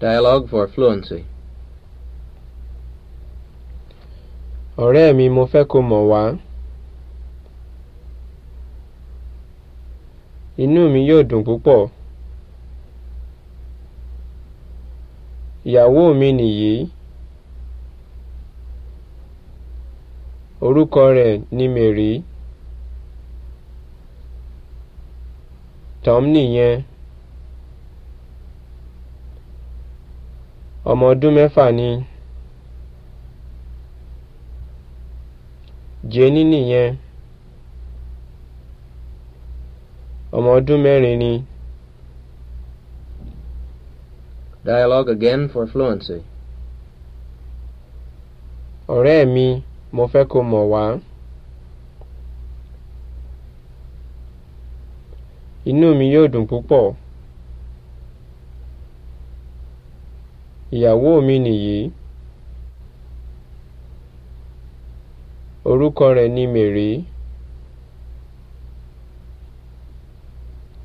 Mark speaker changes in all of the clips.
Speaker 1: Dialogue for fluency.
Speaker 2: Ọ̀rẹ́ mi mo fẹ́ kó mọ̀ wá. Inú mi yóò dùn púpọ̀. Ìyàwó mi nìyí. Orúkọ rẹ̀ ni Mary. Tom nìyẹn. ọmọ ọdún mẹ́fà ni jẹ́ni nìyẹn ọmọ ọdún mẹ́rin ni.
Speaker 1: Dialogue again for fluency.
Speaker 2: Ọ̀rẹ́ mi, mo fẹ́ kó mọ̀ wá. Inú mi yóò dùn púpọ̀. ìyàwó mi nìyí orúkọ rẹ̀ ni mèrè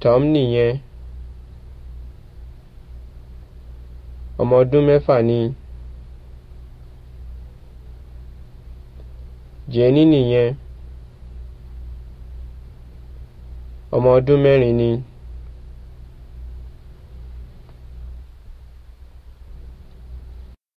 Speaker 2: tom nìyẹn ọmọ ọdún mẹ́fà ni jenny nìyẹn ọmọ ọdún mẹ́rin ni.